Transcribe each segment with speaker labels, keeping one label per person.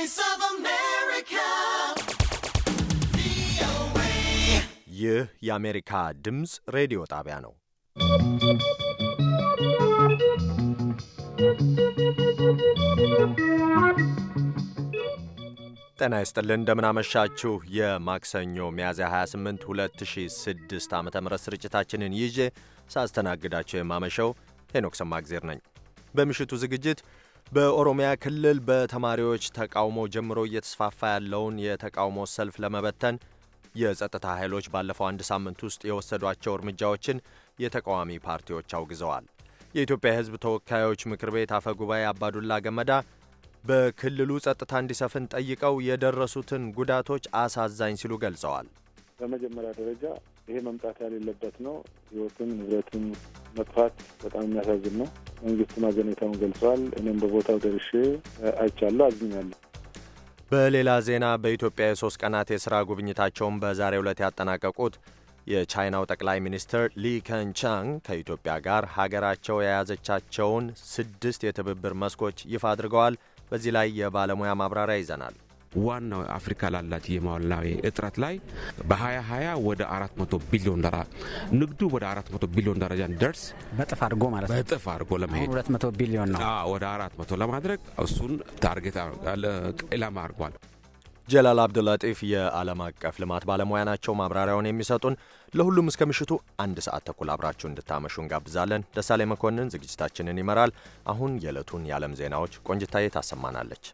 Speaker 1: Voice
Speaker 2: ይህ የአሜሪካ ድምፅ ሬዲዮ ጣቢያ ነው። ጤና ይስጥልን እንደምናመሻችሁ። የማክሰኞ ሚያዝያ 28 2006 ዓ ም ስርጭታችንን ይዤ ሳስተናግዳቸው የማመሸው ሄኖክ ሰማግዜር ነኝ። በምሽቱ ዝግጅት በኦሮሚያ ክልል በተማሪዎች ተቃውሞ ጀምሮ እየተስፋፋ ያለውን የተቃውሞ ሰልፍ ለመበተን የጸጥታ ኃይሎች ባለፈው አንድ ሳምንት ውስጥ የወሰዷቸው እርምጃዎችን የተቃዋሚ ፓርቲዎች አውግዘዋል። የኢትዮጵያ ሕዝብ ተወካዮች ምክር ቤት አፈ ጉባኤ አባዱላ ገመዳ በክልሉ ጸጥታ እንዲሰፍን ጠይቀው የደረሱትን ጉዳቶች አሳዛኝ ሲሉ ገልጸዋል።
Speaker 3: በመጀመሪያ ደረጃ ይሄ መምጣት ያሌለበት ነው። ህይወትን ንብረትን መጥፋት በጣም የሚያሳዝን ነው። መንግስት ማዘኔታውን ገልጸዋል። እኔም በቦታው ደርሼ አይቻለሁ፣ አዝኛለሁ።
Speaker 2: በሌላ ዜና በኢትዮጵያ የሶስት ቀናት የሥራ ጉብኝታቸውን በዛሬው ዕለት ያጠናቀቁት የቻይናው ጠቅላይ ሚኒስትር ሊ ከንቻንግ ከኢትዮጵያ ጋር ሀገራቸው የያዘቻቸውን ስድስት የትብብር መስኮች ይፋ አድርገዋል። በዚህ ላይ የባለሙያ ማብራሪያ ይዘናል።
Speaker 4: ዋናው አፍሪካ ላላት የማዋላዊ እጥረት ላይ በ2020 ወደ 400 ቢሊዮን ደራ ንግዱ ወደ 400 ቢሊዮን ደረጃ እንዲደርስ በጥፍ አድርጎ ማለት ነው።
Speaker 2: በጥፍ አድርጎ ለመሄድ
Speaker 5: 200 ቢሊዮን ነው
Speaker 2: ወደ 400 ለማድረግ እሱን ታርጌት ኢላማ አድርጓል። ጀላል አብዱላጢፍ የዓለም አቀፍ ልማት ባለሙያ ናቸው። ማብራሪያውን የሚሰጡን ለሁሉም እስከ ምሽቱ አንድ ሰዓት ተኩል አብራችሁ እንድታመሹ እንጋብዛለን። ደሳሌ መኮንን ዝግጅታችንን ይመራል። አሁን የዕለቱን የዓለም ዜናዎች ቆንጅታዬ ታሰማናለች።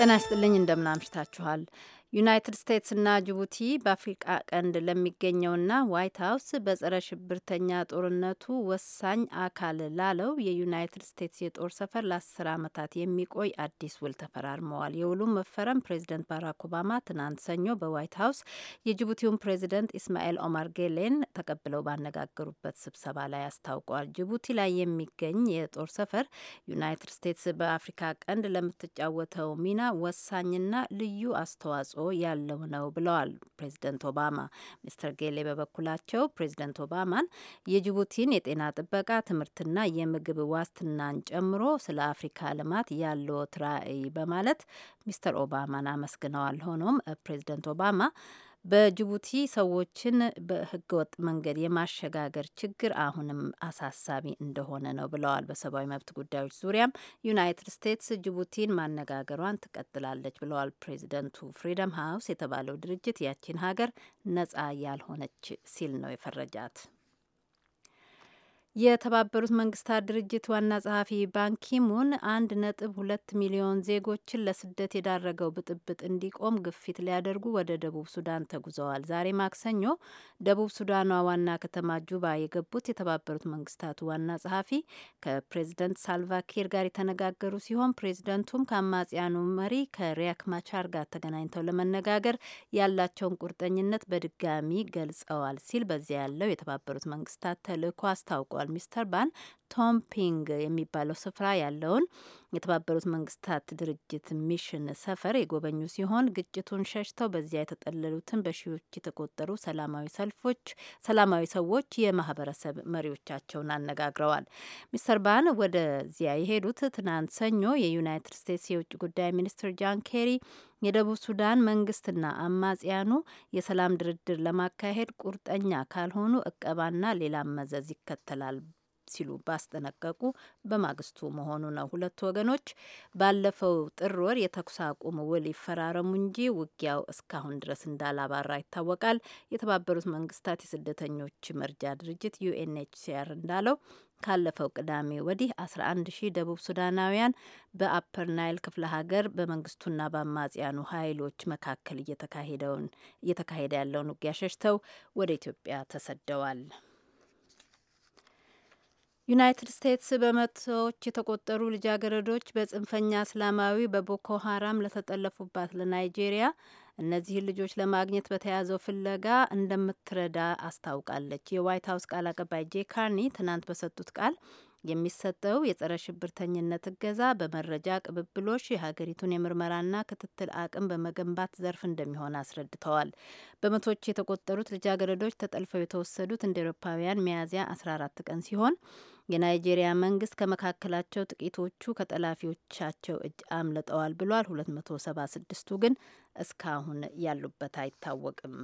Speaker 6: ጤና ይስጥልኝ አምሽታችኋል? ዩናይትድ ስቴትስና ጅቡቲ በአፍሪቃ ቀንድ ለሚገኘውና ዋይት ሀውስ በጸረ ሽብርተኛ ጦርነቱ ወሳኝ አካል ላለው የዩናይትድ ስቴትስ የጦር ሰፈር ለአስር ዓመታት የሚቆይ አዲስ ውል ተፈራርመዋል። የውሉም መፈረም ፕሬዚደንት ባራክ ኦባማ ትናንት ሰኞ በዋይት ሀውስ የጅቡቲውን ፕሬዚደንት ኢስማኤል ኦማር ጌሌን ተቀብለው ባነጋገሩበት ስብሰባ ላይ አስታውቋል። ጅቡቲ ላይ የሚገኝ የጦር ሰፈር ዩናይትድ ስቴትስ በአፍሪካ ቀንድ ለምትጫወተው ሚና ወሳኝና ልዩ አስተዋጽኦ አስተዋጽኦ ያለው ነው ብለዋል ፕሬዚደንት ኦባማ። ሚስተር ጌሌ በበኩላቸው ፕሬዚደንት ኦባማን የጅቡቲን የጤና ጥበቃ፣ ትምህርትና የምግብ ዋስትናን ጨምሮ ስለ አፍሪካ ልማት ያለዎት ራዕይ በማለት ሚስተር ኦባማን አመስግነዋል። ሆኖም ፕሬዚደንት ኦባማ በጅቡቲ ሰዎችን በህገወጥ መንገድ የማሸጋገር ችግር አሁንም አሳሳቢ እንደሆነ ነው ብለዋል። በሰብአዊ መብት ጉዳዮች ዙሪያም ዩናይትድ ስቴትስ ጅቡቲን ማነጋገሯን ትቀጥላለች ብለዋል ፕሬዚደንቱ። ፍሪደም ሀውስ የተባለው ድርጅት ያቺን ሀገር ነጻ ያልሆነች ሲል ነው የፈረጃት። የተባበሩት መንግስታት ድርጅት ዋና ጸሐፊ ባንኪሙን አንድ ነጥብ ሁለት ሚሊዮን ዜጎችን ለስደት የዳረገው ብጥብጥ እንዲቆም ግፊት ሊያደርጉ ወደ ደቡብ ሱዳን ተጉዘዋል። ዛሬ ማክሰኞ ደቡብ ሱዳኗ ዋና ከተማ ጁባ የገቡት የተባበሩት መንግስታቱ ዋና ጸሐፊ ከፕሬዝደንት ሳልቫኪር ጋር የተነጋገሩ ሲሆን ፕሬዝደንቱም ከአማጽያኑ መሪ ከሪያክ ማቻር ጋር ተገናኝተው ለመነጋገር ያላቸውን ቁርጠኝነት በድጋሚ ገልጸዋል ሲል በዚያ ያለው የተባበሩት መንግስታት ተልእኮ አስታውቋል። ተናግረዋል። ሚስተር ባን ቶምፒንግ የሚባለው ስፍራ ያለውን የተባበሩት መንግስታት ድርጅት ሚሽን ሰፈር የጎበኙ ሲሆን ግጭቱን ሸሽተው በዚያ የተጠለሉትን በሺዎች የተቆጠሩ ሰላማዊ ሰልፎች ሰላማዊ ሰዎች የማህበረሰብ መሪዎቻቸውን አነጋግረዋል። ሚስተር ባን ወደዚያ የሄዱት ትናንት ሰኞ የዩናይትድ ስቴትስ የውጭ ጉዳይ ሚኒስትር ጃን ኬሪ የደቡብ ሱዳን መንግስትና አማጽያኑ የሰላም ድርድር ለማካሄድ ቁርጠኛ ካልሆኑ እቀባና ሌላ መዘዝ ይከተላል ሲሉ ባስጠነቀቁ በማግስቱ መሆኑ ነው። ሁለቱ ወገኖች ባለፈው ጥር ወር የተኩስ አቁም ውል ይፈራረሙ እንጂ ውጊያው እስካሁን ድረስ እንዳላባራ ይታወቃል። የተባበሩት መንግስታት የስደተኞች መርጃ ድርጅት ዩኤንኤችሲአር እንዳለው ካለፈው ቅዳሜ ወዲህ 11 ሺህ ደቡብ ሱዳናውያን በአፐር ናይል ክፍለ ሀገር በመንግስቱና በአማጽያኑ ኃይሎች መካከል እየተካሄደ ያለውን ውጊያ ሸሽተው ወደ ኢትዮጵያ ተሰደዋል። ዩናይትድ ስቴትስ በመቶዎች የተቆጠሩ ልጃገረዶች በጽንፈኛ እስላማዊ በቦኮ ሀራም ለተጠለፉባት ለናይጄሪያ እነዚህን ልጆች ለማግኘት በተያዘው ፍለጋ እንደምትረዳ አስታውቃለች። የዋይት ሀውስ ቃል አቀባይ ጄ ካርኒ ትናንት በሰጡት ቃል የሚሰጠው የጸረ ሽብርተኝነት እገዛ በመረጃ ቅብብሎች የሀገሪቱን የምርመራና ክትትል አቅም በመገንባት ዘርፍ እንደሚሆን አስረድተዋል። በመቶች የተቆጠሩት ልጃገረዶች ተጠልፈው የተወሰዱት እንደ ኤሮፓውያን ሚያዝያ 14 ቀን ሲሆን የናይጄሪያ መንግስት ከመካከላቸው ጥቂቶቹ ከጠላፊዎቻቸው እጅ አምልጠዋል ብሏል። 276ቱ ግን እስካሁን ያሉበት አይታወቅም።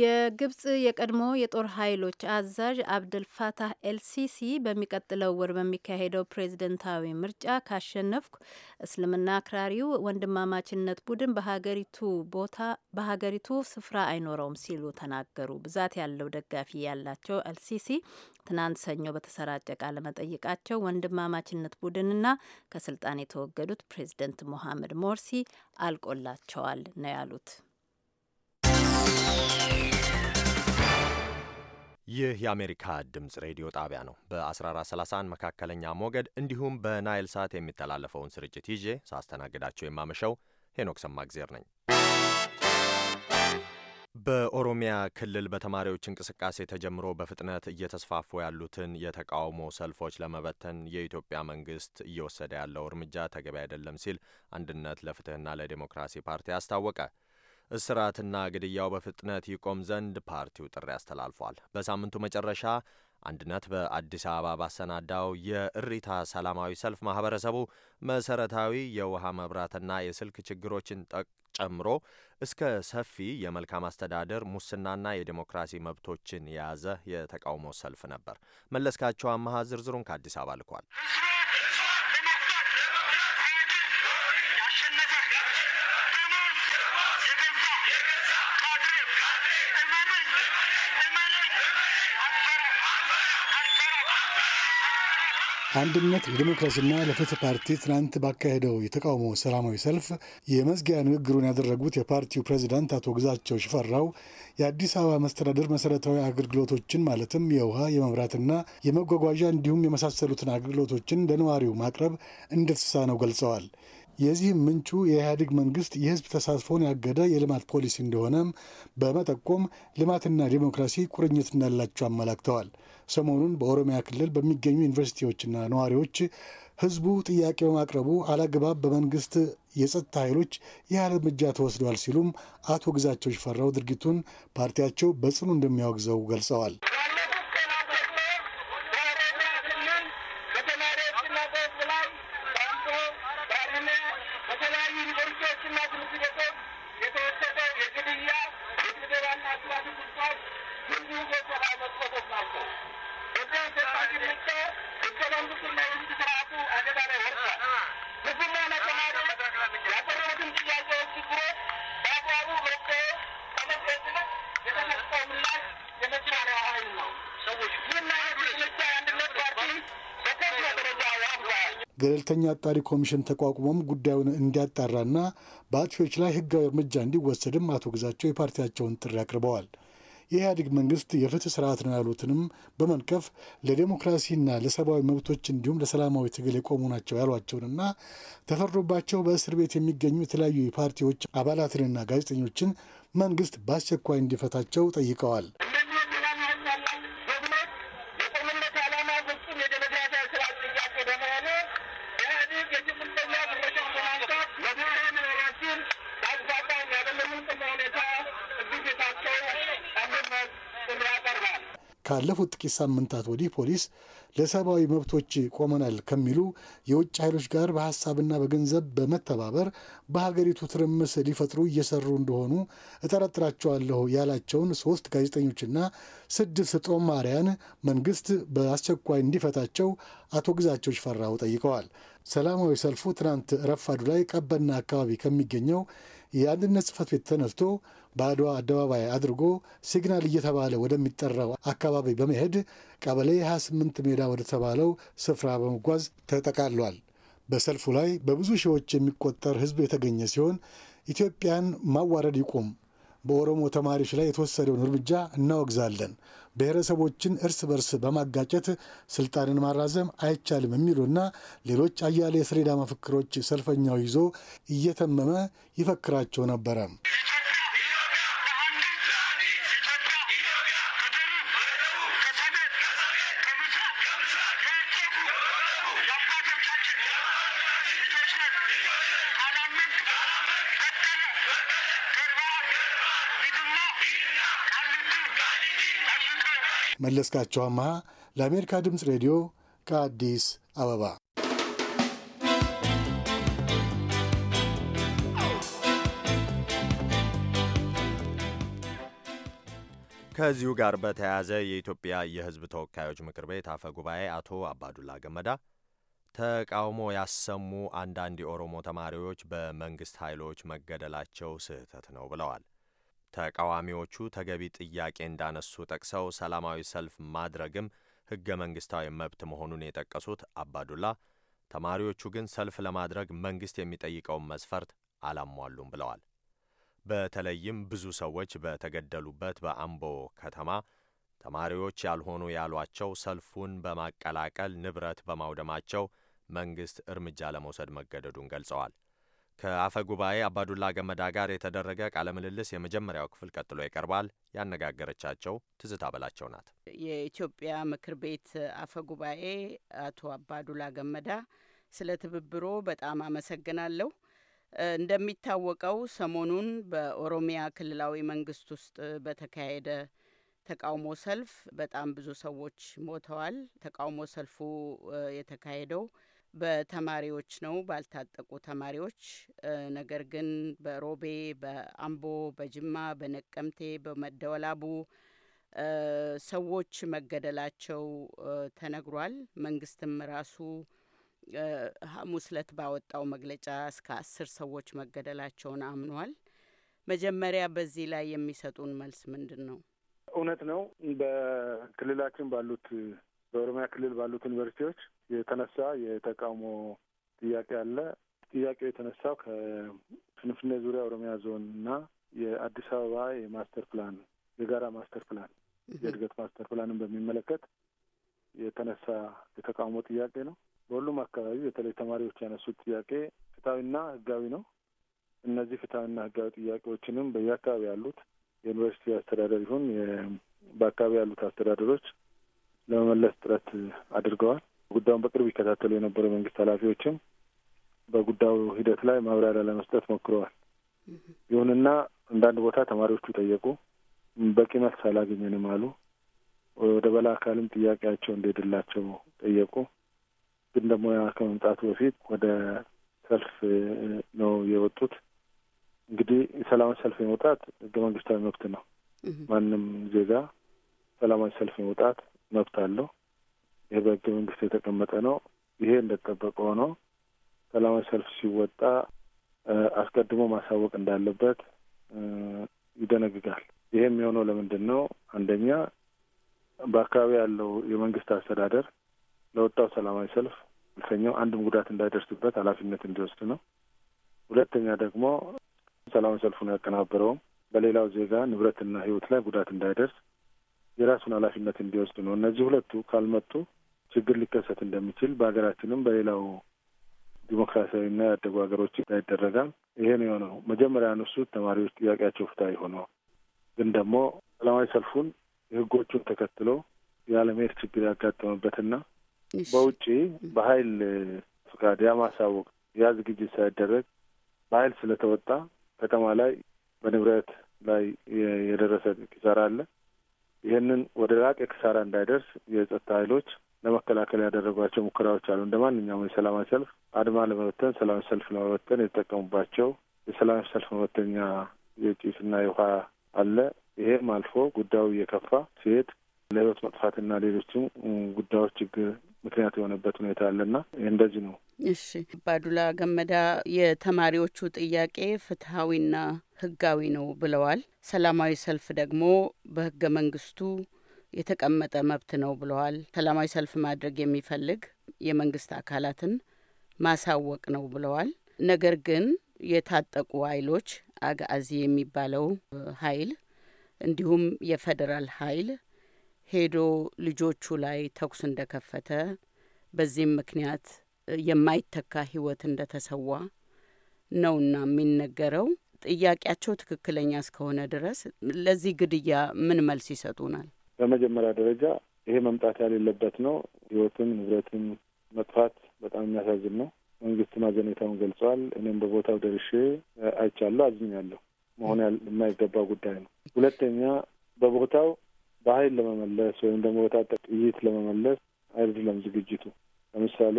Speaker 6: የግብጽ የቀድሞ የጦር ኃይሎች አዛዥ አብደል ፋታህ ኤልሲሲ በሚቀጥለው ወር በሚካሄደው ፕሬዝደንታዊ ምርጫ ካሸነፍኩ እስልምና አክራሪው ወንድማማችነት ቡድን በሀገሪቱ ቦታ በሀገሪቱ ስፍራ አይኖረውም ሲሉ ተናገሩ። ብዛት ያለው ደጋፊ ያላቸው ኤልሲሲ ትናንት ሰኞ በተሰራጨ ቃለ መጠይቃቸው ወንድማማችነት ቡድንና ከስልጣን የተወገዱት ፕሬዝደንት ሞሐመድ ሞርሲ አልቆላቸዋል ነው ያሉት።
Speaker 2: ይህ የአሜሪካ ድምፅ ሬዲዮ ጣቢያ ነው። በ1431 መካከለኛ ሞገድ እንዲሁም በናይል ሳት የሚተላለፈውን ስርጭት ይዤ ሳስተናግዳቸው የማመሸው ሄኖክ ሰማግዜር ነኝ። በኦሮሚያ ክልል በተማሪዎች እንቅስቃሴ ተጀምሮ በፍጥነት እየተስፋፉ ያሉትን የተቃውሞ ሰልፎች ለመበተን የኢትዮጵያ መንግስት እየወሰደ ያለው እርምጃ ተገቢ አይደለም ሲል አንድነት ለፍትህና ለዲሞክራሲ ፓርቲ አስታወቀ። እስራትና ግድያው በፍጥነት ይቆም ዘንድ ፓርቲው ጥሪ አስተላልፏል። በሳምንቱ መጨረሻ አንድነት በአዲስ አበባ ባሰናዳው የእሪታ ሰላማዊ ሰልፍ ማህበረሰቡ መሰረታዊ የውሃ መብራትና የስልክ ችግሮችን ጨምሮ እስከ ሰፊ የመልካም አስተዳደር ሙስናና የዴሞክራሲ መብቶችን የያዘ የተቃውሞ ሰልፍ ነበር። መለስካቸው አመሃ ዝርዝሩን ከአዲስ አበባ ልኳል።
Speaker 7: አንድነት ለዲሞክራሲና ለፍትህ ፓርቲ ትናንት ባካሄደው የተቃውሞ ሰላማዊ ሰልፍ የመዝጊያ ንግግሩን ያደረጉት የፓርቲው ፕሬዚዳንት አቶ ግዛቸው ሽፈራው የአዲስ አበባ መስተዳደር መሰረታዊ አገልግሎቶችን ማለትም የውሃ፣ የመብራትና የመጓጓዣ እንዲሁም የመሳሰሉትን አገልግሎቶችን ለነዋሪው ማቅረብ እንደተሳነው ገልጸዋል። የዚህም ምንጩ የኢህአዴግ መንግስት የህዝብ ተሳትፎን ያገደ የልማት ፖሊሲ እንደሆነም በመጠቆም ልማትና ዲሞክራሲ ቁርኝት እንዳላቸው አመላክተዋል። ሰሞኑን በኦሮሚያ ክልል በሚገኙ ዩኒቨርሲቲዎችና ነዋሪዎች ህዝቡ ጥያቄ በማቅረቡ አላግባብ በመንግስት የጸጥታ ኃይሎች ያህል እርምጃ ተወስደዋል ሲሉም አቶ ግዛቸው ሽፈራው ድርጊቱን ፓርቲያቸው በጽኑ እንደሚያወግዘው ገልጸዋል።
Speaker 1: ያለመ በተለያዩ ዩኒቨርሲቲዎችና ትምህርት ቤቶች የተወሰደ የግድያ የድብደባና ስራት ጉዳት ሁሉ በሰላ መጥፎቶች ናቸው። በተሰጣቂነት ህገ መንግስቱና የህግ ስርአቱ አደጋ ላይ ወርዷል። ህዝብና ነተማሪ ጥያቄዎች ችግሮች በአግባቡ መፍትሄ ከመገዝነት የተሰጠው የመጀመሪያ ሀይል ነው ሰዎች
Speaker 7: ገለልተኛ አጣሪ ኮሚሽን ተቋቁሞም ጉዳዩን እንዲያጣራና በአጥፊዎች ላይ ህጋዊ እርምጃ እንዲወሰድም አቶ ግዛቸው የፓርቲያቸውን ጥሪ አቅርበዋል። የኢህአዴግ መንግስት የፍትህ ስርዓት ነው ያሉትንም በመንቀፍ ለዴሞክራሲና ለሰብአዊ መብቶች እንዲሁም ለሰላማዊ ትግል የቆሙ ናቸው ያሏቸውንና ተፈርዶባቸው በእስር ቤት የሚገኙ የተለያዩ የፓርቲዎች አባላትንና ጋዜጠኞችን መንግስት በአስቸኳይ እንዲፈታቸው ጠይቀዋል። ካለፉት ጥቂት ሳምንታት ወዲህ ፖሊስ ለሰብአዊ መብቶች ቆመናል ከሚሉ የውጭ ኃይሎች ጋር በሀሳብና በገንዘብ በመተባበር በሀገሪቱ ትርምስ ሊፈጥሩ እየሰሩ እንደሆኑ እጠረጥራቸዋለሁ ያላቸውን ሶስት ጋዜጠኞችና ስድስት ጦማሪያን መንግስት በአስቸኳይ እንዲፈታቸው አቶ ግዛቸው ሽፈራው ጠይቀዋል። ሰላማዊ ሰልፉ ትናንት ረፋዱ ላይ ቀበና አካባቢ ከሚገኘው የአንድነት ጽህፈት ቤት ተነስቶ በአድዋ አደባባይ አድርጎ ሲግናል እየተባለ ወደሚጠራው አካባቢ በመሄድ ቀበሌ 28 ሜዳ ወደተባለው ስፍራ በመጓዝ ተጠቃሏል። በሰልፉ ላይ በብዙ ሺዎች የሚቆጠር ሕዝብ የተገኘ ሲሆን ኢትዮጵያን ማዋረድ ይቁም፣ በኦሮሞ ተማሪዎች ላይ የተወሰደውን እርምጃ እናወግዛለን፣ ብሔረሰቦችን እርስ በርስ በማጋጨት ስልጣንን ማራዘም አይቻልም የሚሉና ሌሎች አያሌ የሰሌዳ መፈክሮች ሰልፈኛው ይዞ እየተመመ ይፈክራቸው ነበረም። መለስካቸው አመሃ ለአሜሪካ ድምፅ ሬዲዮ ከአዲስ አበባ
Speaker 2: ከዚሁ ጋር በተያያዘ የኢትዮጵያ የሕዝብ ተወካዮች ምክር ቤት አፈ ጉባኤ አቶ አባዱላ ገመዳ ተቃውሞ ያሰሙ አንዳንድ የኦሮሞ ተማሪዎች በመንግስት ኃይሎች መገደላቸው ስህተት ነው ብለዋል። ተቃዋሚዎቹ ተገቢ ጥያቄ እንዳነሱ ጠቅሰው ሰላማዊ ሰልፍ ማድረግም ሕገ መንግስታዊ መብት መሆኑን የጠቀሱት አባዱላ ተማሪዎቹ ግን ሰልፍ ለማድረግ መንግስት የሚጠይቀውን መስፈርት አላሟሉም ብለዋል። በተለይም ብዙ ሰዎች በተገደሉበት በአምቦ ከተማ ተማሪዎች ያልሆኑ ያሏቸው ሰልፉን በማቀላቀል ንብረት በማውደማቸው መንግስት እርምጃ ለመውሰድ መገደዱን ገልጸዋል። ከአፈ ጉባኤ አባዱላ ገመዳ ጋር የተደረገ ቃለ ምልልስ የመጀመሪያው ክፍል ቀጥሎ ይቀርባል። ያነጋገረቻቸው ትዝታ በላቸው ናት።
Speaker 8: የኢትዮጵያ ምክር ቤት አፈ ጉባኤ አቶ አባዱላ ገመዳ፣ ስለ ትብብሮ በጣም አመሰግናለሁ። እንደሚታወቀው ሰሞኑን በኦሮሚያ ክልላዊ መንግስት ውስጥ በተካሄደ ተቃውሞ ሰልፍ በጣም ብዙ ሰዎች ሞተዋል። ተቃውሞ ሰልፉ የተካሄደው በተማሪዎች ነው፣ ባልታጠቁ ተማሪዎች። ነገር ግን በሮቤ፣ በአምቦ፣ በጅማ፣ በነቀምቴ፣ በመደወላቡ ሰዎች መገደላቸው ተነግሯል። መንግስትም ራሱ ሐሙስ ዕለት ባወጣው መግለጫ እስከ አስር ሰዎች መገደላቸውን አምኗል። መጀመሪያ በዚህ ላይ የሚሰጡን መልስ ምንድን ነው?
Speaker 3: እውነት ነው። በክልላችን ባሉት በኦሮሚያ ክልል ባሉት ዩኒቨርሲቲዎች የተነሳ የተቃውሞ ጥያቄ አለ። ጥያቄው የተነሳው ከፍንፍኔ ዙሪያ ኦሮሚያ ዞን እና የአዲስ አበባ የማስተር ፕላን የጋራ ማስተር ፕላን የእድገት ማስተር ፕላንን በሚመለከት የተነሳ የተቃውሞ ጥያቄ ነው። በሁሉም አካባቢ በተለይ ተማሪዎች ያነሱት ጥያቄ ፍትሐዊና ህጋዊ ነው። እነዚህ ፍትሐዊና ህጋዊ ጥያቄዎችንም በየአካባቢ ያሉት የዩኒቨርሲቲ አስተዳደር ይሁን በአካባቢ ያሉት አስተዳደሮች ለመመለስ ጥረት አድርገዋል። ጉዳዩን በቅርብ ይከታተሉ የነበሩ የመንግስት ኃላፊዎችም በጉዳዩ ሂደት ላይ ማብራሪያ ለመስጠት ሞክረዋል። ይሁንና አንዳንድ ቦታ ተማሪዎቹ ጠየቁ፣ በቂ መልስ አላገኘንም አሉ። ወደ በላ አካልም ጥያቄያቸው እንደሄድላቸው ጠየቁ። ግን ደግሞ ያ ከመምጣቱ በፊት ወደ ሰልፍ ነው የወጡት። እንግዲህ ሰላማዊ ሰልፍ የመውጣት ህገ መንግስታዊ መብት ነው። ማንም ዜጋ ሰላማዊ ሰልፍ የመውጣት መብት አለው። ይህ በህገ መንግስት የተቀመጠ ነው። ይሄ እንደተጠበቀ ሆኖ ሰላማዊ ሰልፍ ሲወጣ አስቀድሞ ማሳወቅ እንዳለበት ይደነግጋል። ይሄ የሚሆነው ለምንድን ነው? አንደኛ በአካባቢ ያለው የመንግስት አስተዳደር ለወጣው ሰላማዊ ሰልፍ ሰልፈኛው አንድም ጉዳት እንዳይደርስበት ኃላፊነት እንዲወስድ ነው። ሁለተኛ ደግሞ ሰላማዊ ሰልፉን ያቀናበረውም በሌላው ዜጋ ንብረትና ህይወት ላይ ጉዳት እንዳይደርስ የራሱን ኃላፊነት እንዲወስድ ነው። እነዚህ ሁለቱ ካልመጡ ችግር ሊከሰት እንደሚችል በሀገራችንም በሌላው ዲሞክራሲያዊና ያደጉ ሀገሮች ይደረጋል። ይሄ ነው የሆነው። መጀመሪያ እነሱ ተማሪዎች ጥያቄያቸው ፍታ ሆነው ግን ደግሞ ሰላማዊ ሰልፉን የህጎቹን ተከትሎ የአለመሄድ ችግር ያጋጠመበትና በውጪ በኃይል ፍቃድ ያማሳወቅ ያ ዝግጅት ሳይደረግ በሀይል ስለተወጣ ከተማ ላይ በንብረት ላይ የደረሰ ኪሳራ አለ። ይህንን ወደ ላቀ ክሳራ እንዳይደርስ የጸጥታ ኃይሎች ለመከላከል ያደረጓቸው ሙከራዎች አሉ። እንደ ማንኛውም የሰላማዊ ሰልፍ አድማ ለመበተን ሰላማዊ ሰልፍ ለመበተን የተጠቀሙባቸው የሰላማዊ ሰልፍ መበተኛ የጭስና የውሃ አለ። ይሄም አልፎ ጉዳዩ እየከፋ ሲሄድ ለህይወት መጥፋትና ሌሎችም ጉዳዮች ችግር ምክንያት የሆነበት ሁኔታ አለና እንደዚህ ነው።
Speaker 8: እሺ ባዱላ ገመዳ የተማሪዎቹ ጥያቄ ፍትሐዊና ህጋዊ ነው ብለዋል። ሰላማዊ ሰልፍ ደግሞ በህገ መንግስቱ የተቀመጠ መብት ነው ብለዋል። ሰላማዊ ሰልፍ ማድረግ የሚፈልግ የመንግስት አካላትን ማሳወቅ ነው ብለዋል። ነገር ግን የታጠቁ ኃይሎች አጋዚ የሚባለው ኃይል እንዲሁም የፌዴራል ኃይል ሄዶ ልጆቹ ላይ ተኩስ እንደከፈተ በዚህም ምክንያት የማይተካ ህይወት እንደተሰዋ ነውና የሚነገረው። ጥያቄያቸው ትክክለኛ እስከሆነ ድረስ ለዚህ ግድያ ምን መልስ ይሰጡናል?
Speaker 3: በመጀመሪያ ደረጃ ይሄ መምጣት ያሌለበት ነው። ሕይወትም ንብረትም መጥፋት በጣም የሚያሳዝን ነው። መንግስት ማዘኔታውን ገልጸዋል። እኔም በቦታው ደርሼ አይቻለሁ፣ አዝኛለሁ። መሆን የማይገባ ጉዳይ ነው። ሁለተኛ በቦታው በኃይል ለመመለስ ወይም ደግሞ በታጠቅ ጥይት ለመመለስ አይደለም ዝግጅቱ። ለምሳሌ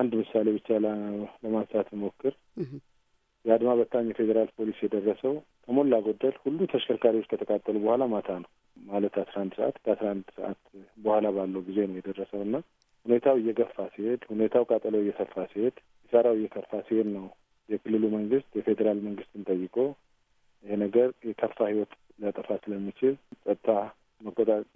Speaker 3: አንድ ምሳሌ ብቻ ለማንሳት ሞክር። የአድማ በታኝ የፌዴራል ፖሊስ የደረሰው ከሞላ ጎደል ሁሉ ተሽከርካሪዎች ከተቃጠሉ በኋላ ማታ ነው ማለት አስራ አንድ ሰዓት ከአስራ አንድ ሰዓት በኋላ ባለው ጊዜ ነው የደረሰው እና ሁኔታው እየገፋ ሲሄድ፣ ሁኔታው ቃጠለው እየሰፋ ሲሄድ፣ ሰራው እየከፋ ሲሄድ ነው የክልሉ መንግስት የፌዴራል መንግስትን ጠይቆ ይሄ ነገር የከፋ ህይወት ሊያጠፋ ስለሚችል ጸጥታ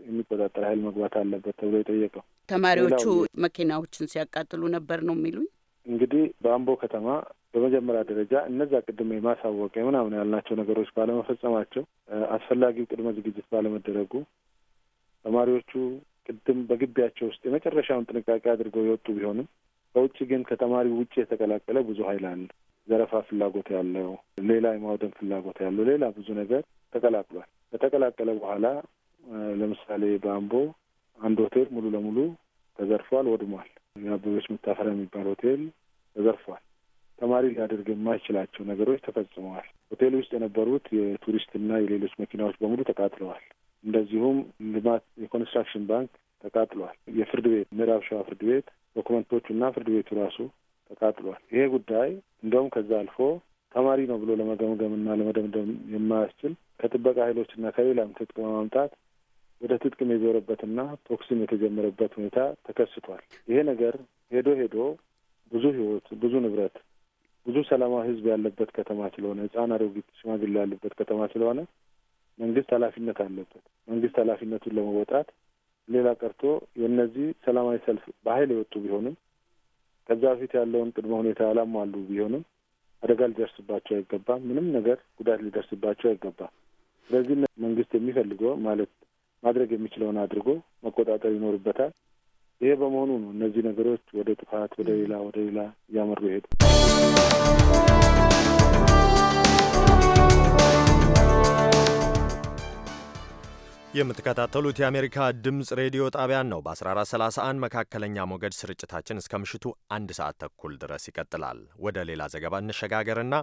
Speaker 3: የሚቆጣጠር ኃይል መግባት አለበት ተብሎ የጠየቀው ተማሪዎቹ
Speaker 8: መኪናዎችን ሲያቃጥሉ ነበር ነው የሚሉኝ።
Speaker 3: እንግዲህ በአምቦ ከተማ በመጀመሪያ ደረጃ እነዛ ቅድመ የማሳወቀ ምናምን ያልናቸው ነገሮች ባለመፈጸማቸው፣ አስፈላጊው ቅድመ ዝግጅት ባለመደረጉ ተማሪዎቹ ቅድም በግቢያቸው ውስጥ የመጨረሻውን ጥንቃቄ አድርገው የወጡ ቢሆንም ከውጭ ግን ከተማሪ ውጭ የተቀላቀለ ብዙ ኃይል አለ። ዘረፋ ፍላጎት ያለው፣ ሌላ የማውደም ፍላጎት ያለው፣ ሌላ ብዙ ነገር ተቀላቅሏል። ከተቀላቀለ በኋላ ለምሳሌ በአምቦ አንድ ሆቴል ሙሉ ለሙሉ ተዘርፏል፣ ወድሟል። የአበበች መታፈሪያ የሚባል ሆቴል ተዘርፏል። ተማሪ ሊያደርግ የማይችላቸው ነገሮች ተፈጽመዋል። ሆቴል ውስጥ የነበሩት የቱሪስትና የሌሎች መኪናዎች በሙሉ ተቃጥለዋል። እንደዚሁም ልማት የኮንስትራክሽን ባንክ ተቃጥሏል። የፍርድ ቤት ምዕራብ ሸዋ ፍርድ ቤት ዶክመንቶቹና ፍርድ ቤቱ ራሱ ተቃጥሏል። ይሄ ጉዳይ እንደውም ከዛ አልፎ ተማሪ ነው ብሎ ለመገምገምና ለመደምደም የማያስችል ከጥበቃ ኃይሎችና ከሌላም ትጥቅ በማምጣት ወደ ትጥቅም የዞረበትና ቶክሲም የተጀመረበት ሁኔታ ተከስቷል። ይሄ ነገር ሄዶ ሄዶ ብዙ ህይወት፣ ብዙ ንብረት፣ ብዙ ሰላማዊ ህዝብ ያለበት ከተማ ስለሆነ ህጻን፣ አሮጊት፣ ሽማግሌ ያለበት ከተማ ስለሆነ መንግስት ኃላፊነት አለበት። መንግስት ኃላፊነቱን ለመወጣት ሌላ ቀርቶ የእነዚህ ሰላማዊ ሰልፍ በኃይል የወጡ ቢሆንም ከዛ በፊት ያለውን ቅድመ ሁኔታ ያላሟሉ ቢሆንም አደጋ ሊደርስባቸው አይገባም። ምንም ነገር ጉዳት ሊደርስባቸው አይገባም። ስለዚህ መንግስት የሚፈልገው ማለት ማድረግ የሚችለውን አድርጎ መቆጣጠር ይኖርበታል። ይሄ በመሆኑ ነው እነዚህ ነገሮች ወደ ጥፋት፣ ወደ ሌላ ወደ ሌላ እያመሩ ይሄዱ።
Speaker 2: የምትከታተሉት የአሜሪካ ድምፅ ሬዲዮ ጣቢያን ነው። በ1431 መካከለኛ ሞገድ ስርጭታችን እስከ ምሽቱ አንድ ሰዓት ተኩል ድረስ ይቀጥላል። ወደ ሌላ ዘገባ እንሸጋገርና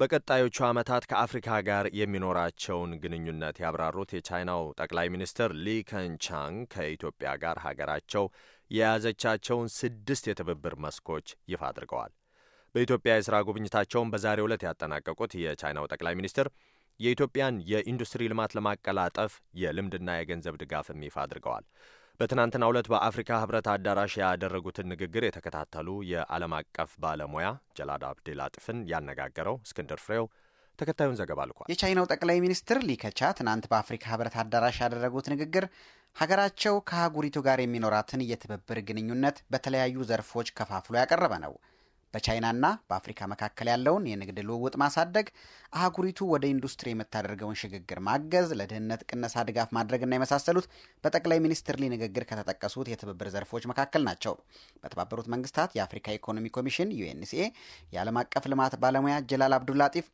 Speaker 2: በቀጣዮቹ ዓመታት ከአፍሪካ ጋር የሚኖራቸውን ግንኙነት ያብራሩት የቻይናው ጠቅላይ ሚኒስትር ሊከን ቻንግ ከኢትዮጵያ ጋር ሀገራቸው የያዘቻቸውን ስድስት የትብብር መስኮች ይፋ አድርገዋል። በኢትዮጵያ የሥራ ጉብኝታቸውን በዛሬው ዕለት ያጠናቀቁት የቻይናው ጠቅላይ ሚኒስትር የኢትዮጵያን የኢንዱስትሪ ልማት ለማቀላጠፍ የልምድና የገንዘብ ድጋፍም ይፋ አድርገዋል። በትናንትና ዕለት በአፍሪካ ህብረት አዳራሽ ያደረጉትን ንግግር የተከታተሉ የዓለም አቀፍ ባለሙያ ጀላድ አብዴላጥፍን ያነጋገረው እስክንድር ፍሬው ተከታዩን ዘገባ ልኳል።
Speaker 5: የቻይናው ጠቅላይ ሚኒስትር ሊከቻ ትናንት በአፍሪካ ህብረት አዳራሽ ያደረጉት ንግግር ሀገራቸው ከአህጉሪቱ ጋር የሚኖራትን የትብብር ግንኙነት በተለያዩ ዘርፎች ከፋፍሎ ያቀረበ ነው። በቻይናና በአፍሪካ መካከል ያለውን የንግድ ልውውጥ ማሳደግ፣ አህጉሪቱ ወደ ኢንዱስትሪ የምታደርገውን ሽግግር ማገዝ፣ ለድህነት ቅነሳ ድጋፍ ማድረግና የመሳሰሉት በጠቅላይ ሚኒስትር ሊ ንግግር ከተጠቀሱት የትብብር ዘርፎች መካከል ናቸው። በተባበሩት መንግስታት የአፍሪካ ኢኮኖሚ ኮሚሽን ዩኤንሲኤ የዓለም አቀፍ ልማት ባለሙያ ጀላል አብዱላጢፍ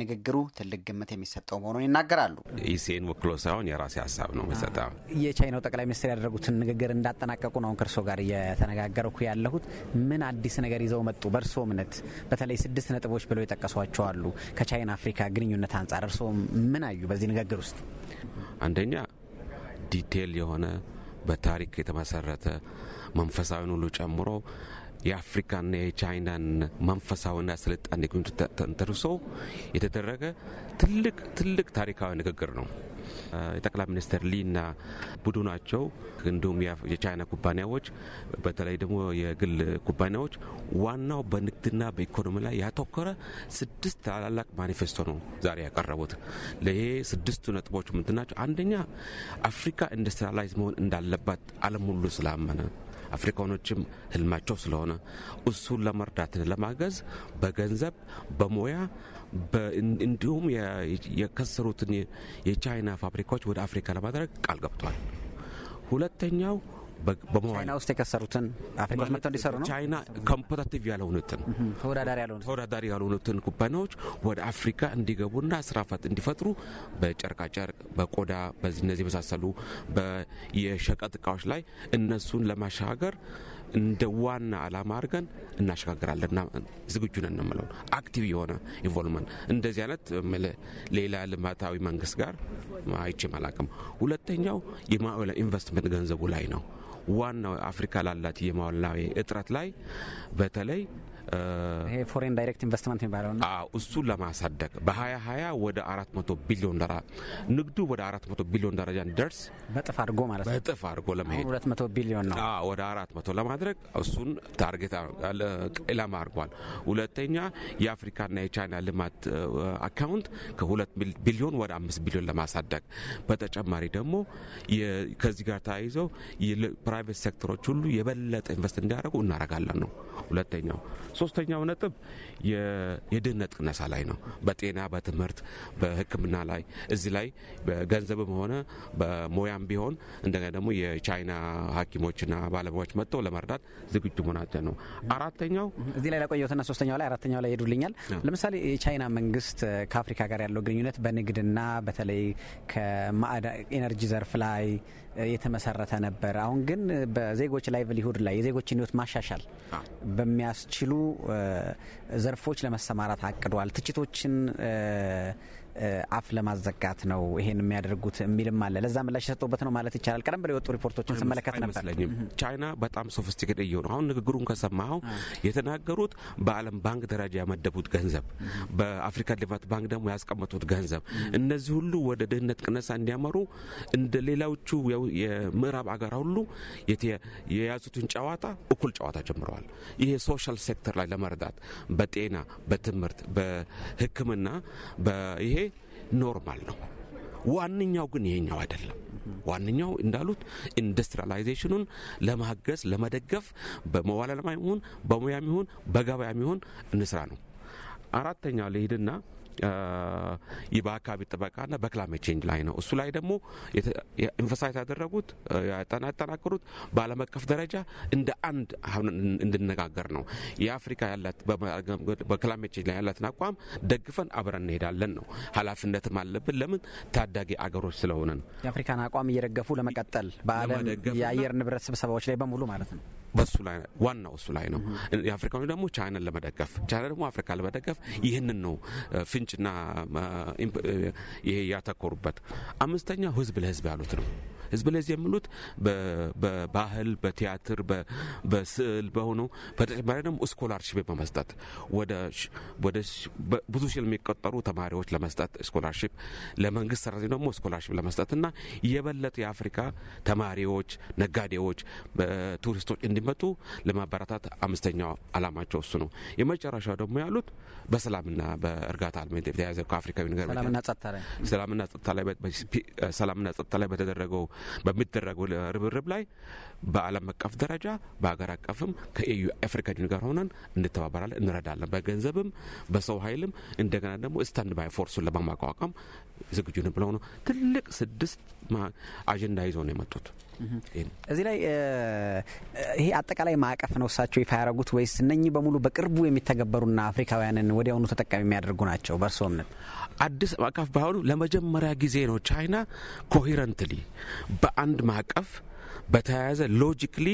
Speaker 5: ንግግሩ ትልቅ ግምት የሚሰጠው መሆኑን ይናገራሉ።
Speaker 4: ኢሴን ወክሎ ሳይሆን የራሴ ሀሳብ ነው የምሰጠው።
Speaker 5: የቻይናው ጠቅላይ ሚኒስትር ያደረጉትን ንግግር እንዳጠናቀቁ ነው ከእርስዎ ጋር እየተነጋገርኩ ያለሁት። ምን አዲስ ነገር ይዘው መጡ? በእርሶ እምነት በተለይ ስድስት ነጥቦች ብለው የጠቀሷቸው አሉ። ከቻይና አፍሪካ ግንኙነት አንጻር እርስዎ ምን አዩ በዚህ ንግግር ውስጥ?
Speaker 4: አንደኛ ዲቴል የሆነ በታሪክ የተመሰረተ መንፈሳዊን ሁሉ ጨምሮ የአፍሪካና የቻይናን መንፈሳዊና ስልጣኔ ግንኙነት ተንተርሶ የተደረገ ትልቅ ትልቅ ታሪካዊ ንግግር ነው። የጠቅላይ ሚኒስትር ሊና ቡድናቸው እንዲሁም የቻይና ኩባንያዎች በተለይ ደግሞ የግል ኩባንያዎች ዋናው በንግድና በኢኮኖሚ ላይ ያተኮረ ስድስት ታላላቅ ማኒፌስቶ ነው ዛሬ ያቀረቡት። ለይሄ ስድስቱ ነጥቦች ምንድን አንደኛ አፍሪካ ኢንዱስትሪላይዝ መሆን እንዳለባት ዓለም ሁሉ ስላመነ አፍሪካኖችም ህልማቸው ስለሆነ እሱን ለመርዳት ለማገዝ በገንዘብ በሙያ እንዲሁም የከሰሩትን የቻይና ፋብሪካዎች ወደ አፍሪካ ለማድረግ ቃል ገብቷል። ሁለተኛው በመዋል ውስጥ የከሰሩትን አፍሪካ መጥተው እንዲሰሩ ነው። ቻይና ኮምፐታቲቭ ያልሆኑትን ተወዳዳሪ ያልሆኑትን ኩባንያዎች ወደ አፍሪካ እንዲገቡና ስራ ፈት እንዲፈጥሩ በጨርቃጨርቅ፣ በቆዳ፣ በእነዚህ የመሳሰሉ የሸቀጥ እቃዎች ላይ እነሱን ለማሻገር እንደ ዋና አላማ አድርገን እናሸጋግራለንና ዝግጁ ነን እንምለው አክቲቭ የሆነ ኢንቮልቭመንት እንደዚህ አይነት ሌላ ልማታዊ መንግስት ጋር አይቼም አላቅም። ሁለተኛው የማዕበላዊ ኢንቨስትመንት ገንዘቡ ላይ ነው። ዋናው አፍሪካ ላላት የማዋላዊ እጥረት ላይ በተለይ ይሄ ፎሬን ዳይሬክት ኢንቨስትመንት የሚባለው ነው። አዎ እሱን ለማሳደግ በ2020 ወደ 400 ቢሊዮን ደራ ንግዱ ወደ 400 ቢሊዮን
Speaker 5: ደረጃ እንዲደርስ በጥፍ አድርጎ ማለት ነው።
Speaker 4: በጥፍ አድርጎ ለመሄድ
Speaker 5: 200 ቢሊዮን ነው።
Speaker 4: አዎ ወደ 400 ለማድረግ እሱን ታርጌት ኢላማ አድርጓል። ሁለተኛ የአፍሪካ የአፍሪካና የቻይና ልማት አካውንት ከ2 ቢሊዮን ወደ 5 ቢሊዮን ለማሳደግ በተጨማሪ ደግሞ ከዚህ ጋር ተያይዘው ፕራይቬት ሴክተሮች ሁሉ የበለጠ ኢንቨስት እንዲያደርጉ እናደርጋለን ነው ሁለተኛው ሶስተኛው ነጥብ የድህነት ቅነሳ ላይ ነው። በጤና በትምህርት፣ በሕክምና ላይ እዚህ ላይ በገንዘብም ሆነ በሙያም ቢሆን እንደገና ደግሞ የቻይና ሐኪሞችና ባለሙያዎች መጥተው ለመርዳት ዝግጁ መሆናቸው ነው።
Speaker 5: አራተኛው እዚህ ላይ ላቆየትና ሶስተኛው ላይ አራተኛው ላይ ሄዱልኛል። ለምሳሌ የቻይና መንግስት ከአፍሪካ ጋር ያለው ግንኙነት በንግድና በተለይ ከማዕድ ኤነርጂ ዘርፍ ላይ የተመሰረተ ነበር። አሁን ግን በዜጎች ላይቭሊሁድ ላይ የዜጎችን ህይወት ማሻሻል በሚያስችሉ ዘርፎች ለመሰማራት አቅዷል። ትችቶችን አፍ ለማዘጋት ነው ይሄን የሚያደርጉት የሚልም አለ። ለዛ ምላሽ የሰጡበት ነው ማለት ይቻላል። ቀደም ብለው የወጡ ሪፖርቶችን ስመለከት ነበር።
Speaker 4: ቻይና በጣም ሶፊስቲኬት እየሆኑ አሁን ንግግሩን ከሰማኸው የተናገሩት በዓለም ባንክ ደረጃ ያመደቡት ገንዘብ፣ በአፍሪካ ሊቫት ባንክ ደግሞ ያስቀመጡት ገንዘብ፣ እነዚህ ሁሉ ወደ ድህነት ቅነሳ እንዲያመሩ እንደ ሌላዎቹ የምዕራብ አገር ሁሉ የያዙትን ጨዋታ እኩል ጨዋታ ጀምረዋል። ይሄ ሶሻል ሴክተር ላይ ለመረዳት በጤና፣ በትምህርት፣ በሕክምና ይሄ ኖርማል ነው። ዋነኛው ግን ይሄኛው አይደለም። ዋነኛው እንዳሉት ኢንዱስትሪላይዜሽኑን ለማገዝ ለመደገፍ በመዋለ ለማ ይሁን በሙያም ይሁን በገበያም ይሁን እንስራ ነው። አራተኛው ልሂድና በአካባቢ ጥበቃና በክላይሜት ቼንጅ ላይ ነው። እሱ ላይ ደግሞ ኤንፈሳይዝ ያደረጉት ያጠናከሩት በዓለም አቀፍ ደረጃ እንደ አንድ እንድነጋገር ነው። የአፍሪካ ያላት በክላሜት ቼንጅ ላይ ያላትን አቋም ደግፈን አብረን እንሄዳለን ነው። ኃላፊነትም አለብን። ለምን ታዳጊ አገሮች ስለሆነ ነው።
Speaker 5: የአፍሪካን አቋም እየደገፉ ለመቀጠል በዓለም የአየር ንብረት ስብሰባዎች ላይ በሙሉ ማለት ነው። በሱ
Speaker 4: ላይ ዋናው እሱ ላይ ነው። የአፍሪካኑ ደግሞ ቻይናን ለመደገፍ ቻይና ደግሞ አፍሪካ ለመደገፍ ይህንን ነው ፍንጭና ይሄ ያተኮሩበት። አምስተኛው ህዝብ ለህዝብ ያሉት ነው። ህዝብ ለዚህ የሚሉት በባህል በቲያትር በስዕል በሆኑ በተጨማሪ ደግሞ ስኮላርሽፕ በመስጠት ወደ ብዙ ሺህ የሚቆጠሩ ተማሪዎች ለመስጠት ስኮላርሽፕ ለመንግስት ሰራተኞች ደግሞ ስኮላርሽፕ ለመስጠት እና የበለጠ የአፍሪካ ተማሪዎች፣ ነጋዴዎች፣ ቱሪስቶች እንዲመጡ ለማበረታት አምስተኛው አላማቸው እሱ ነው። የመጨረሻው ደግሞ ያሉት በሰላምና በእርጋታ ተያዘ ከአፍሪካዊ ነገር ሰላምና ጸጥታ ላይ በተደረገው በሚደረገው ርብርብ ላይ በዓለም አቀፍ ደረጃ በሀገር አቀፍም ከኤዩ አፍሪካ ዩኒየን ጋር ሆነን እንተባበራለን፣ እንረዳለን። በገንዘብም በሰው ኃይልም እንደገና ደግሞ ስታንድ ባይ ፎርሱን ለማቋቋም ዝግጁን ብለው ነው ትልቅ ስድስት አጀንዳ ይዞ ነው የመጡት።
Speaker 5: እዚህ ላይ ይሄ አጠቃላይ ማዕቀፍ ነው እሳቸው ይፋ ያደረጉት ወይስ እነኚህ በሙሉ በቅርቡ የሚተገበሩና አፍሪካውያንን ወዲያውኑ ተጠቃሚ የሚያደርጉ ናቸው? በእርስዎ እምነት
Speaker 4: አዲስ ማዕቀፍ ባይሆኑ ለመጀመሪያ ጊዜ ነው ቻይና ኮሄረንትሊ በአንድ ማዕቀፍ በተያያዘ ሎጂክሊ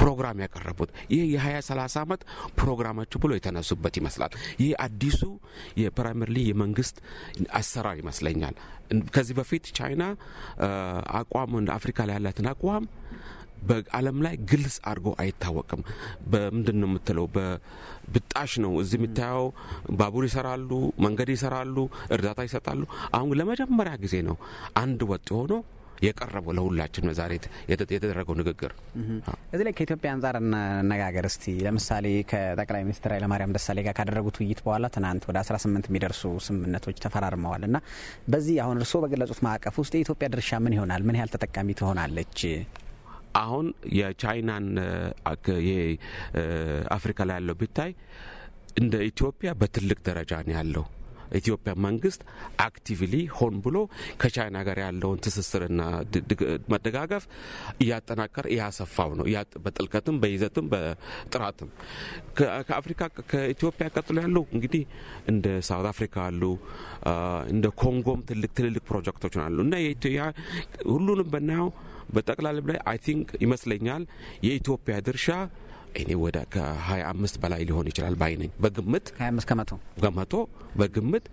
Speaker 4: ፕሮግራም ያቀረቡት ይህ የ2030 ዓመት ፕሮግራማቸው ብሎ የተነሱበት ይመስላል። ይህ አዲሱ ሊግ የመንግስት አሰራር ይመስለኛል። ከዚህ በፊት ቻይና አቋም አፍሪካ ላይ ያላትን አቋም በዓለም ላይ ግልጽ አድርጎ አይታወቅም። በምንድን ነው የምትለው? በብጣሽ ነው እዚህ የምታየው። ባቡር ይሰራሉ፣ መንገድ ይሰራሉ፣ እርዳታ ይሰጣሉ። አሁን ለመጀመሪያ ጊዜ ነው አንድ ወጥ የሆነው የቀረበው ለሁላችን ዛሬ የተደረገው ንግግር።
Speaker 5: እዚህ ላይ ከኢትዮጵያ አንጻር እነጋገር እስቲ። ለምሳሌ ከጠቅላይ ሚኒስትር ኃይለማርያም ደሳሌ ጋር ካደረጉት ውይይት በኋላ ትናንት ወደ 18 የሚደርሱ ስምምነቶች ተፈራርመዋል እና በዚህ አሁን እርስዎ በገለጹት ማዕቀፍ ውስጥ የኢትዮጵያ ድርሻ ምን ይሆናል? ምን ያህል ተጠቃሚ ትሆናለች?
Speaker 4: አሁን የቻይናን አፍሪካ ላይ ያለው ቢታይ እንደ ኢትዮጵያ በትልቅ ደረጃ ነው ያለው። ኢትዮጵያ መንግስት አክቲቭሊ ሆን ብሎ ከቻይና ጋር ያለውን ትስስርና መደጋገፍ እያጠናከረ እያሰፋው ነው። በጥልቀትም በይዘትም በጥራትም ከአፍሪካ ከኢትዮጵያ ቀጥሎ ያለው እንግዲህ እንደ ሳውት አፍሪካ አሉ፣ እንደ ኮንጎም ትልቅ ትልልቅ ፕሮጀክቶች አሉ እና ሁሉንም በናየው በጠቅላላ ላይ አይ ቲንክ ይመስለኛል የኢትዮጵያ ድርሻ እኔ ወደ ከ25 በላይ ሊሆን ይችላል ባይ ነኝ። በግምት ከመቶ በግምት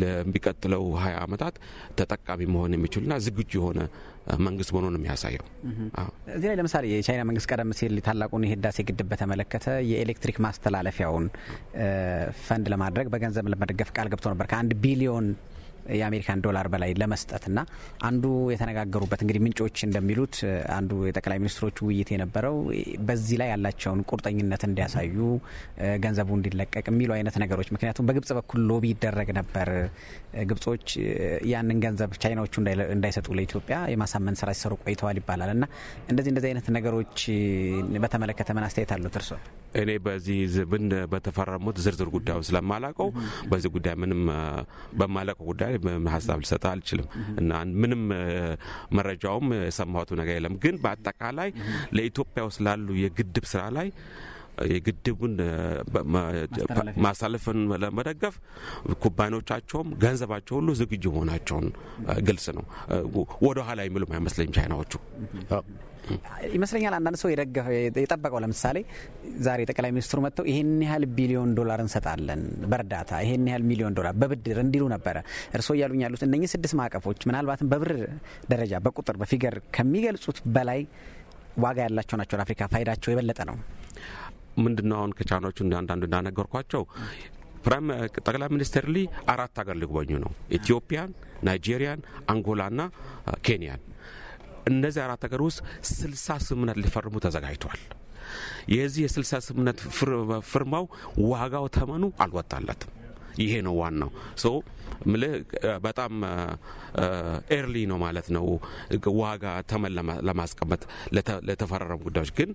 Speaker 4: ለሚቀጥለው 20 ዓመታት ተጠቃሚ መሆን የሚችልና ዝግጁ የሆነ መንግስት መሆኑ ነው የሚያሳየው።
Speaker 5: እዚህ ላይ ለምሳሌ የቻይና መንግስት ቀደም ሲል ታላቁን የህዳሴ ግድብ በተመለከተ የኤሌክትሪክ ማስተላለፊያውን ፈንድ ለማድረግ በገንዘብ ለመደገፍ ቃል ገብቶ ነበር ከአንድ ቢሊዮን የአሜሪካን ዶላር በላይ ለመስጠትና አንዱ የተነጋገሩበት እንግዲህ ምንጮች እንደሚሉት አንዱ የጠቅላይ ሚኒስትሮቹ ውይይት የነበረው በዚህ ላይ ያላቸውን ቁርጠኝነት እንዲያሳዩ ገንዘቡ እንዲለቀቅ የሚሉ አይነት ነገሮች። ምክንያቱም በግብጽ በኩል ሎቢ ይደረግ ነበር። ግብጾች ያንን ገንዘብ ቻይናዎቹ እንዳይሰጡ ለኢትዮጵያ የማሳመን ስራ ሲሰሩ ቆይተዋል ይባላል እና እንደዚህ እንደዚህ አይነት ነገሮች በተመለከተ ምን አስተያየት አሉት
Speaker 2: እርሶ?
Speaker 4: እኔ በዚህ ዝብን በተፈረሙት ዝርዝር ጉዳዩ ስለማላቀው በዚህ ጉዳይ ምንም በማላቀው ጉዳይ ላይ ሀሳብ ልሰጥ አልችልም እና ምንም መረጃውም የሰማሁት ነገር የለም። ግን በአጠቃላይ ለኢትዮጵያ ውስጥ ላሉ የግድብ ስራ ላይ የግድቡን ማሳለፍን ለመደገፍ ኩባንያዎቻቸውም ገንዘባቸው ሁሉ ዝግጁ መሆናቸውን ግልጽ ነው። ወደኋላ የሚሉም አይመስለኝም ቻይናዎቹ።
Speaker 5: ይመስለኛል አንዳንድ ሰው የጠበቀው ለምሳሌ ዛሬ ጠቅላይ ሚኒስትሩ መጥተው ይህን ያህል ቢሊዮን ዶላር እንሰጣለን በእርዳታ ይህን ያህል ሚሊዮን ዶላር በብድር እንዲሉ ነበረ። እርስዎ እያሉኝ ያሉት እነኚህ ስድስት ማዕቀፎች ምናልባትም በብር ደረጃ በቁጥር በፊገር ከሚገልጹት በላይ ዋጋ ያላቸው ናቸው። ለአፍሪካ ፋይዳቸው የበለጠ ነው።
Speaker 4: ምንድነው አሁን ከቻኖቹ አንዳንዱ እንዳነገርኳቸው ጠቅላይ ሚኒስትር ሊ አራት ሀገር ሊጎበኙ ነው። ኢትዮጵያን፣ ናይጄሪያን፣ አንጎላና ኬንያን እነዚህ አራት ሀገር ውስጥ ስልሳ ስምምነት ሊፈርሙ ተዘጋጅተዋል። የዚህ የስልሳ ስምምነት ፍርማው ዋጋው ተመኑ አልወጣለትም። ይሄ ነው ዋናው። ሶ ምልህ በጣም ኤርሊ ነው ማለት ነው ዋጋ ተመን ለማስቀመጥ ለተፈራረሙ ጉዳዮች። ግን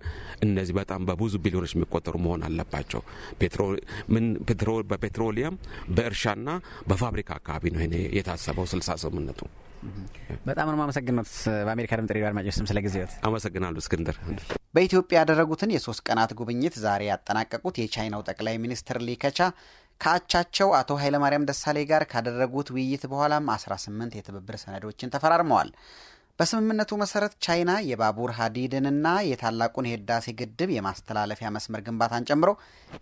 Speaker 4: እነዚህ በጣም በብዙ ቢሊዮኖች የሚቆጠሩ መሆን አለባቸው። በፔትሮሊየም በእርሻና በፋብሪካ አካባቢ ነው የታሰበው ስልሳ ስምምነቱ።
Speaker 5: በጣም ነው የማመሰግነው። በአሜሪካ ድምጽ ሬዲዮ አድማጮች ስም ስለ ጊዜዎት እስክንድር በኢትዮጵያ ያደረጉትን የሶስት ቀናት ጉብኝት ዛሬ ያጠናቀቁት የቻይናው ጠቅላይ ሚኒስትር ሊከቻ ከአቻቸው አቶ ኃይለማርያም ደሳሌ ጋር ካደረጉት ውይይት በኋላም 18 የትብብር ሰነዶችን ተፈራርመዋል። በስምምነቱ መሰረት ቻይና የባቡር ሀዲድንና የታላቁን የህዳሴ ግድብ የማስተላለፊያ መስመር ግንባታን ጨምሮ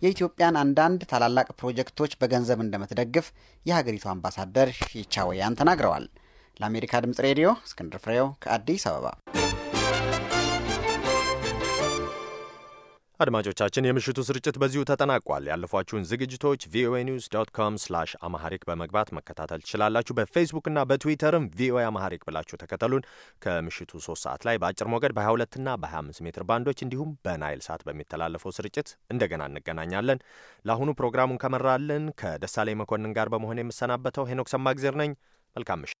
Speaker 5: የኢትዮጵያን አንዳንድ ታላላቅ ፕሮጀክቶች በገንዘብ እንደምትደግፍ የሀገሪቱ አምባሳደር ሺቻወያን ተናግረዋል። ለአሜሪካ ድምፅ ሬዲዮ እስክንድር ፍሬው ከአዲስ አበባ።
Speaker 2: አድማጮቻችን የምሽቱ ስርጭት በዚሁ ተጠናቋል። ያለፏችሁን ዝግጅቶች ቪኦኤ ኒውስ ዶት ኮም ስላሽ አማሐሪክ በመግባት መከታተል ትችላላችሁ። በፌስቡክና በትዊተርም ቪኦኤ አማሐሪክ ብላችሁ ተከተሉን። ከምሽቱ ሶስት ሰዓት ላይ በአጭር ሞገድ በ22ና በ25 ሜትር ባንዶች እንዲሁም በናይል ሳት በሚተላለፈው ስርጭት እንደገና እንገናኛለን። ለአሁኑ ፕሮግራሙን ከመራልን ከደሳሌ መኮንን ጋር በመሆን የምሰናበተው ሄኖክ ሰማግዜር ነኝ። መልካም ምሽት።